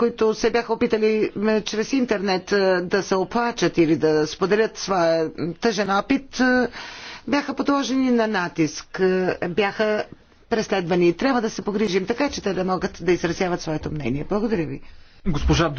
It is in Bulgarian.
които се бяха опитали чрез интернет е, да се оплачат или да споделят своя тъжен опит, е, бяха подложени на натиск, е, бяха преследвани. Трябва да се погрижим така, че те да могат да изразяват своето мнение. Благодаря ви. Госпожа